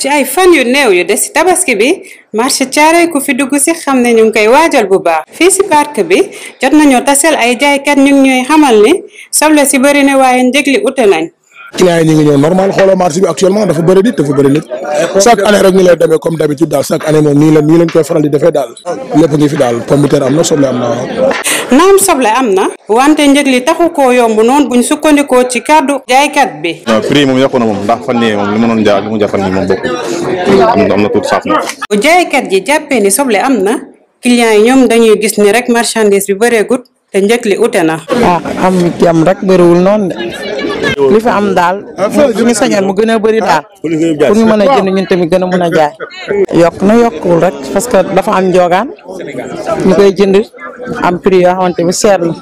ci ay fan yu néew yu des ci tabaski bi marché caaray ku fi dugg si xam ne ñu ngi koy waajal bu baax fii si parc bi jot nañoo taseel ay jaaykat ñu ngi ñuy xamal ni soble si bëri na waaye njëg li ute nañ clients yi ñu ngi ñëw normal xooloo marché bi actuellement na soble am am na. wante njëg li taxu koo yomb noonu buñ sukkandikoo ci kàddu jaaykat bi. waaw prix moom yokku na moom ndax fan yii moom li ma doon jaay li mu jaay fan am na tuuti saaf na. bu jaaykat ji jàppee ni soble am na clients yi ñoom dañuy gis ni rek marchandise bi bëreegut te njëg li ute na. ah am jàmm rek bëriwul noonu de li fi am daal mu gën a bëri daal pour ñu mën a jënd ñun tamit gën a mën a jaay yokk na yokkuwul rek parce que dafa am njoogaan ñu koy jënd am prix yoo xamante ni seer na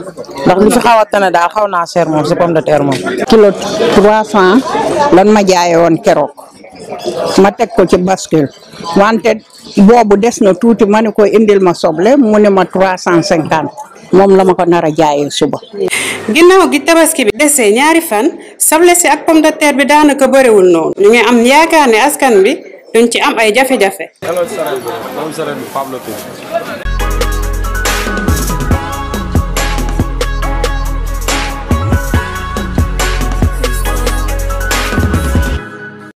ndax li fi xaw a tane daal xaw naa seer moom si de terre moom kilo trois cent lan ma jaaye woon keroog ma teg ko ci bascule wante boobu des na tuuti ma ne ko indil ma soble mu ne ma trois cent cinquante moom la ma ko nar a jaayee suba. ginnaaw gi tabaski bi desee ñaari fan soble si ak pomme de terre bi daanaka bëriwul noonu. ñu am yaakaar ne askan bi duñ ci am ay jafe-jafe.